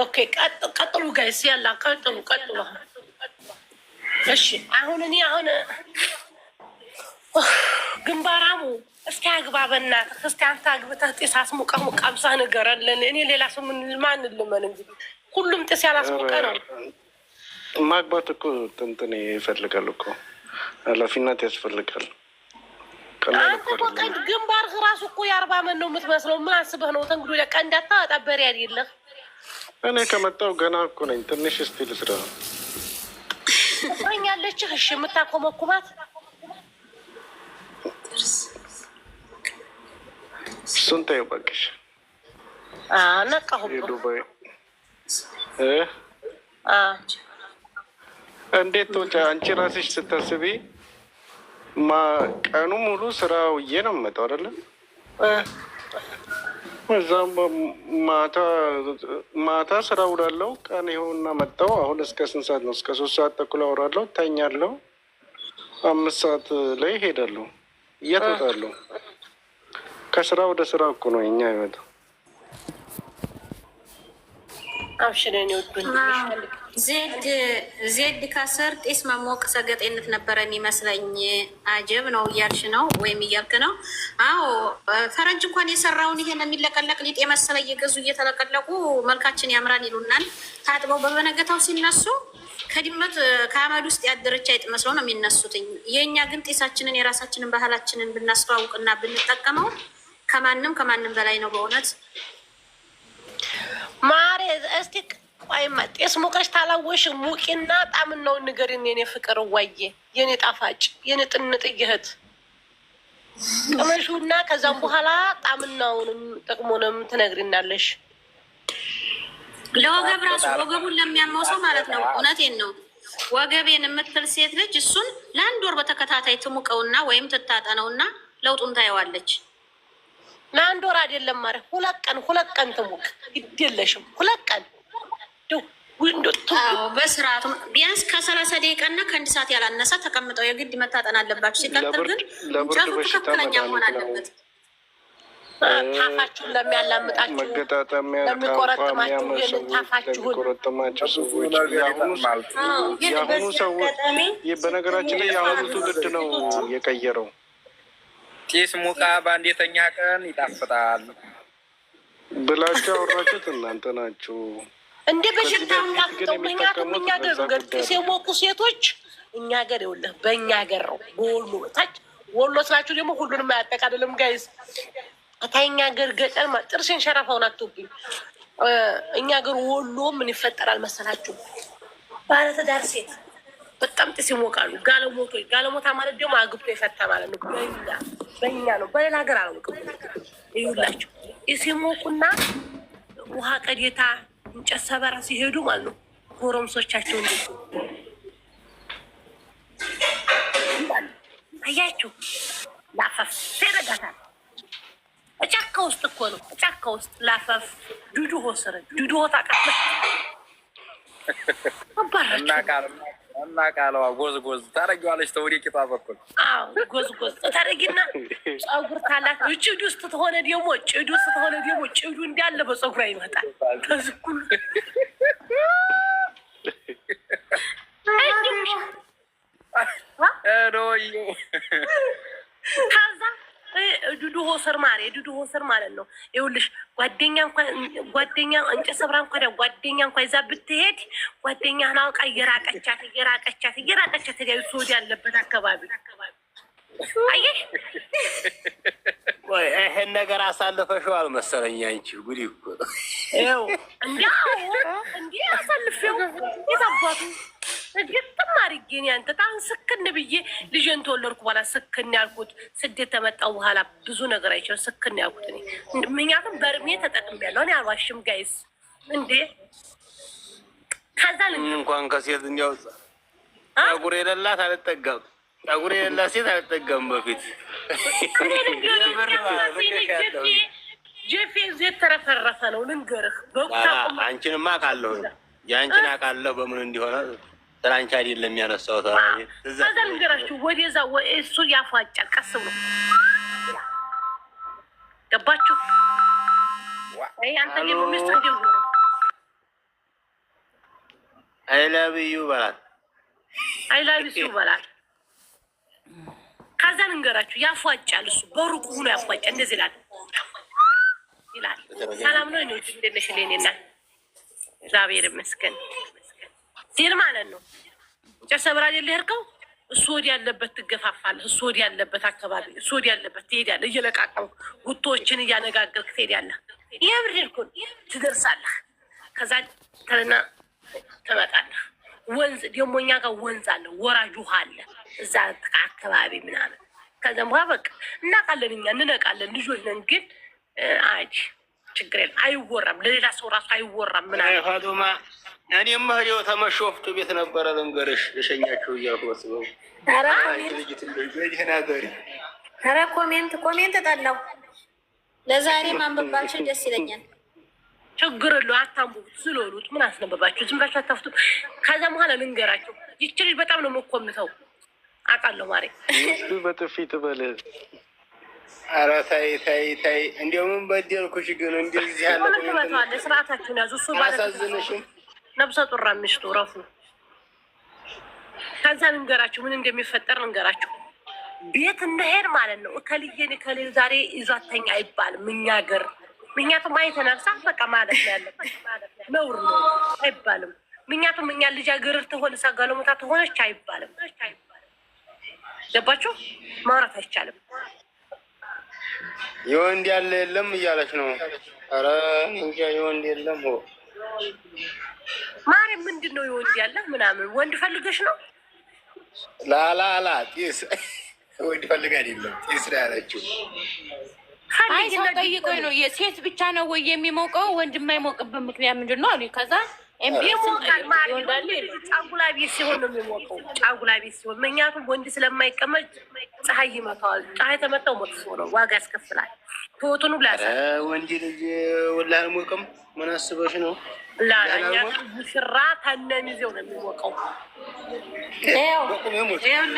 ኦኬ፣ ቀጥሉ ጋይስ፣ ያላ ቀጥሉ፣ ቀጥሉ። እሺ፣ አሁን እኔ አሁን ግንባራሙ እስኪ አግባ በእናትህ እስኪ አንተ አግብተህ ጤስ አስሙቀህ ሙቀ አምሳህ ንገረልን። እኔ ሌላ ሰው ማን ልመን? እንግዲህ ሁሉም ጤስ ያላስሙቀ ነው። ማግባት እኮ እንትን ይፈልጋል እኮ ኃላፊነት ያስፈልጋል። አንተ እኮ ግንባርህ ራሱ እኮ የአርባ አመት ነው የምትመስለው። ምን አስበህ ነው ተንግዶ ቀንዳታ ጠበሪ አይደለህ እኔ ከመጣው ገና እኮ ነኝ። ትንሽ እስቲ ልስራ። ትቆኛለችህ? እሺ የምታቆመኩማት እሱን ተይው እባክሽ። ነቃሁ እንዴት ትወጪ? አንቺ ራስሽ ስታስቢ ቀኑ ሙሉ ስራ ውዬ ነው የምመጣው አይደለም እዛም ማታ ማታ ስራ ውላለሁ። ቀን ይኸውና መጣው። አሁን እስከ ስንት ሰዓት ነው? እስከ ሶስት ሰዓት ተኩል አውራለሁ፣ ተኛለው። አምስት ሰዓት ላይ ይሄዳለሁ። እየት ከስራ ወደ ስራ እኮ ነው የኛ ይመጣው ዜድ ከስር ጢስ መሞቅ ሰገጤነት ነበረ የሚመስለኝ። አጀብ ነው እያልሽ ነው ወይም እያልክ ነው? አዎ ፈረንጅ እንኳን የሰራውን ይሄን የሚለቀለቅ ሊጥ የመሰለ እየገዙ እየተለቀለቁ መልካችን ያምራል ይሉናል። ታጥበው በበነገታው ሲነሱ ከድመት ከአመድ ውስጥ ያደረች አይጥ መስለው ነው የሚነሱትኝ። የእኛ ግን ጢሳችንን የራሳችንን ባህላችንን ብናስተዋውቅና ብንጠቀመው ከማንም ከማንም በላይ ነው በእውነት ማሬ እስቲ ቆይማ ጤስ ሙቀሽ ታላወሽ ሙቂና ጣምናውን ነው ንገሪን። የኔ ፍቅር እዋዬ የኔ ጣፋጭ የኔ ጥንጥ ይህት ቅመሹና ከዛም በኋላ ጣምናውንም ጥቅሙንም ትነግሪናለሽ። ለወገብ ራሱ ወገቡን ለሚያመው ሰው ማለት ነው። እውነቴን ነው። ወገቤን የምትል ሴት ልጅ እሱን ለአንድ ወር በተከታታይ ትሙቀውና ወይም ትታጠነውና ለውጡን ታየዋለች። ለአንድ ወር አይደለም ማለት ሁለት ቀን ሁለት ቀን ትሙቅ ይደለሽም ሁለት ቀን በስርዓቱ ቢያንስ ከሰላሳ ደቂቃ እና ከአንድ ሰዓት ያላነሳ ተቀምጠው የግድ መታጠን አለባቸው። ሲቀጥል ግን ጫፉ ትክክለኛ መሆን አለበት። ታፋችሁን ለሚያላምጣችሁ፣ ለሚቆረጥማችሁ ታፋችሁን የአሁኑ ሰዎች በነገራችን ላይ የአሁኑ ትውልድ ነው የቀየረው። ጢስ ሙቃ በአንድ ቀን ይጣፍጣል ብላችሁ አወራችሁት እናንተ ናችሁ። እንደ በሽታ ናፍተው እኛ ገር እኛ ገር ገር ጢስ የሞቁ ሴቶች እኛ ገር የውለህ በእኛ ገር ነው። በወሎ ታች ወሎ ስላችሁ ደግሞ ሁሉንም አያጠቃልልም ጋይዝ ከእኛ ገር ገጠር ጥርስን ሸረፋውን አትውብኝ። እኛ ገር ወሎ ምን ይፈጠራል መሰላችሁ ባለትዳር ሴት በጣም ጥስ ይሞቃሉ። ጋለሞቶች ጋለሞታ ማለት ደግሞ አግብቶ የፈታ ማለት ነው። በኛ ነው፣ በሌላ ሀገር አላውቅም። ይሁላቸው ሲሞቁና ውሃ ቀዴታ እንጨት ሰበራ ሲሄዱ ማለት ነው ጎረምሶቻቸው እንደ አያችሁ ላፈፍ ሴረጋታል ጫካ ውስጥ እኮ ነው፣ ጫካ ውስጥ ላፈፍ ዱድሆ ስረ ዱድሆ ታውቃለህ። አባራቸው እና ቃለዋ ጎዝ ጎዝ ታደርጊዋለሽ። ተወደ ቂጧ በኩል ጎዝ ጎዝ ታደርጊና ፀጉር ካላት ጭዱ ውስጥ ተሆነ ደግሞ ጭዱ ውስጥ ተሆነ ደግሞ ጭዱ እንዳለ በፀጉሯ ይመጣል። ከዚህ ሁሉ ወሰር ማለት የዱዱ ወሰር ማለት ነው። ይኸውልሽ ጓደኛ ጓደኛ እንጨ ሰብራ እንኳን ጓደኛ እንኳን ይዛ ብትሄድ ጓደኛህን አውቃ እየራቀቻት እየራቀቻት እየራቀቻት ሄዳ ሶድ ያለበት አካባቢ አየሽ። ይሄን ነገር አሳልፈሽዋል መሰለኝ አንቺ። ጉድ እኮ እንዲ እንዲ አሳልፌው የት አባቱ እድገትም አድርጌ እኔ አንተ ስክን ብዬ ልጅን ተወለድኩ በኋላ ስክን ያልኩት ስደት ተመጣው በኋላ ብዙ ነገር አይችል ስክን ያልኩት እኔ ምክንያቱም ተጠቅም ያለው እኔ አልዋሽም ጋይስ እንዴ ከዛ እንኳን ከሴት እንዲያው ጸጉር የሌላት አልጠጋም፣ ጸጉር የሌላት ሴት አልጠጋም በፊት ጀፌ ተረፈረፈ ነው ልንገርህ። በቁጣ አንቺንማ አውቃለሁ፣ የአንቺን አውቃለሁ በምን እንዲሆነ ስራንቻ አይደለም የሚያነሳው እዛ ልንገራችሁ፣ ወደዛ እሱ ያፏጫል። ቀስ ብሎ ገባችሁ። አንተ ደግሞ ሚስት እንዲ አይላብዩ በላል፣ አይላብዩ በላት። ከዛ ልንገራችሁ፣ ያፏጫል። እሱ በሩቁ ሆኖ ያፏጫል። እንደዚህ ይላል ይላል። ሰላም ነው። እንደት ነሽ? እኔ እናት እግዚአብሔር ይመስገን። ዜል ማለት ነው። ጨርሰ ብራድ የለ ሄድከው እሱ ወዲ ያለበት ትገፋፋለህ። እሱ ወዲ ያለበት አካባቢ እሱ ወዲ ያለበት ትሄዳለህ። እየለቃቀሙ ጉቶዎችን እያነጋገርክ ትሄዳለህ። ይህ ብርድ እኮ ትደርሳለህ። ከዛ ተለና ትመጣለህ። ወንዝ ደግሞ እኛ ጋር ወንዝ አለ፣ ወራጅ ውሃ አለ እዛ አካባቢ ምናምን ከዚም በቃ እናቃለን፣ እኛ እንነቃለን። ልጆች ነን ግን አጅ ችግር አይወራም፣ ለሌላ ሰው ራሱ አይወራም። ምናልፋቱማ እኔ መህዴው ተመሾፍቱ ቤት ነበረ ልንገርሽ፣ የሸኛችሁ እያልኩ በስበው ኧረ ኮሜንት ኮሜንት ጠላው። ለዛሬ ማንበባችን ደስ ይለኛል። ችግር የለውም። አታንቡት ስለሆኑት ምን አስነበባችሁ? ዝም ብላችሁ አታፍቱ። ከዛ በኋላ ልንገራቸው ይች በጣም ነው የምኮምተው። አውቃለሁ ማሬ በጥፊ ትበል ኧረ ተይ ተይ ተይ፣ እንደው ምን በደልኩሽ ግን እንደዚህ ያለ ስርዓታችሁን ያዙ። እሱ አላሳዝንሽም። ነብሰ ጡር ምሽቱ ረፉ። ከዛ ልንገራችሁ ምን እንደሚፈጠር ልንገራችሁ። ቤት እንደሄድ ማለት ነው እከልዬን እከሌ ዛሬ ይዟተኛ አይባልም እኛ ሀገር ምክንያቱም አይተናል። በቃ ማለት ነው ያለበት ነውር ነው አይባልም። ምክንያቱም እኛ ልጃገረድ ትሆን እሷ ጋለሞታ ትሆነች አይባልም። ገባችሁ? ማውራት አይቻልም። የወንድ ያለ የለም እያለች ነው። ኧረ እንጃ የወንድ የለም። ማርያም ምንድን ነው የወንድ ያለ ምናምን ወንድ ፈልገሽ ነው? ላላላ ጢስ ወንድ ፈልግ አይደለም ጢስ ነው ያለችው። አይ ሰው ጠይቆኝ ነው። የሴት ብቻ ነው ወይ የሚሞቀው? ወንድ የማይሞቅበት ምክንያት ምንድን ነው አሉ ከዛ ጫጉላ ቤት ሲሆን ምክንያቱም ወንድ ስለማይቀመጥ ፀሐይ ይመታዋል። ፀሐይ ተመታው ሞት ሰው ነው፣ ዋጋ ያስከፍላል። ህይወቱን ወንድ ልጅ ወላ አልሞቅም። ምን አስበሽ ነው? ሙሽራ ነው የሚሞቀው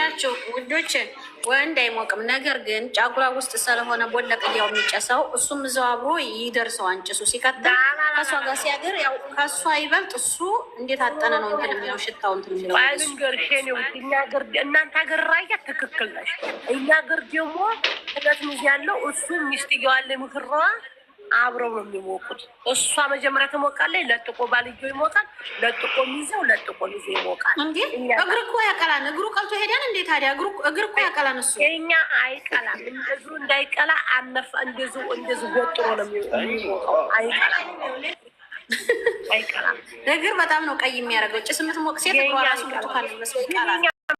ናቸው ወንዶችን ወንድ አይሞቅም። ነገር ግን ጫጉላ ውስጥ ስለሆነ ቦለቅ ያው የሚጨሰው እሱም እዛው አብሮ ይደርሰው አንጭሱ ሲቀጥል ከእሷ ጋር ሲያገር ያው ከእሷ ይበልጥ እሱ እንዴት አጠነ ነው እንትን የሚለው ሽታው እንትን የሚለው ልንገርሽ፣ እኛ ገር እናንተ ሀገር ራያ ትክክል ነሽ። እኛ ገር ደግሞ እለት ሚዜ ያለው እሱ ሚስት ምክሯ አብረው ነው የሚሞቁት። እሷ መጀመሪያ ትሞቃለች፣ ለጥቆ ባልጆ ይሞቃል፣ ለጥቆ ሚዘው ለጥቆ ሚዘው ይሞቃል። እንዴ እግር እኮ ያቀላል። እግሩ ቀልቶ ሄዳን። እንዴ ታዲያ እግር እኮ ያቀላል። እሱ የኛ አይቀላም። እንደዙ እንዳይቀላ አነፋ፣ እንደዙ እንደዙ ወጥሮ ነው የሚሞቀው። አይቀላም፣ አይቀላም። እግር በጣም ነው ቀይ የሚያደርገው። ጭስ የምትሞቅ ሴት እግሯ ራሱ ብርቱካን መስሎ ይቀላል።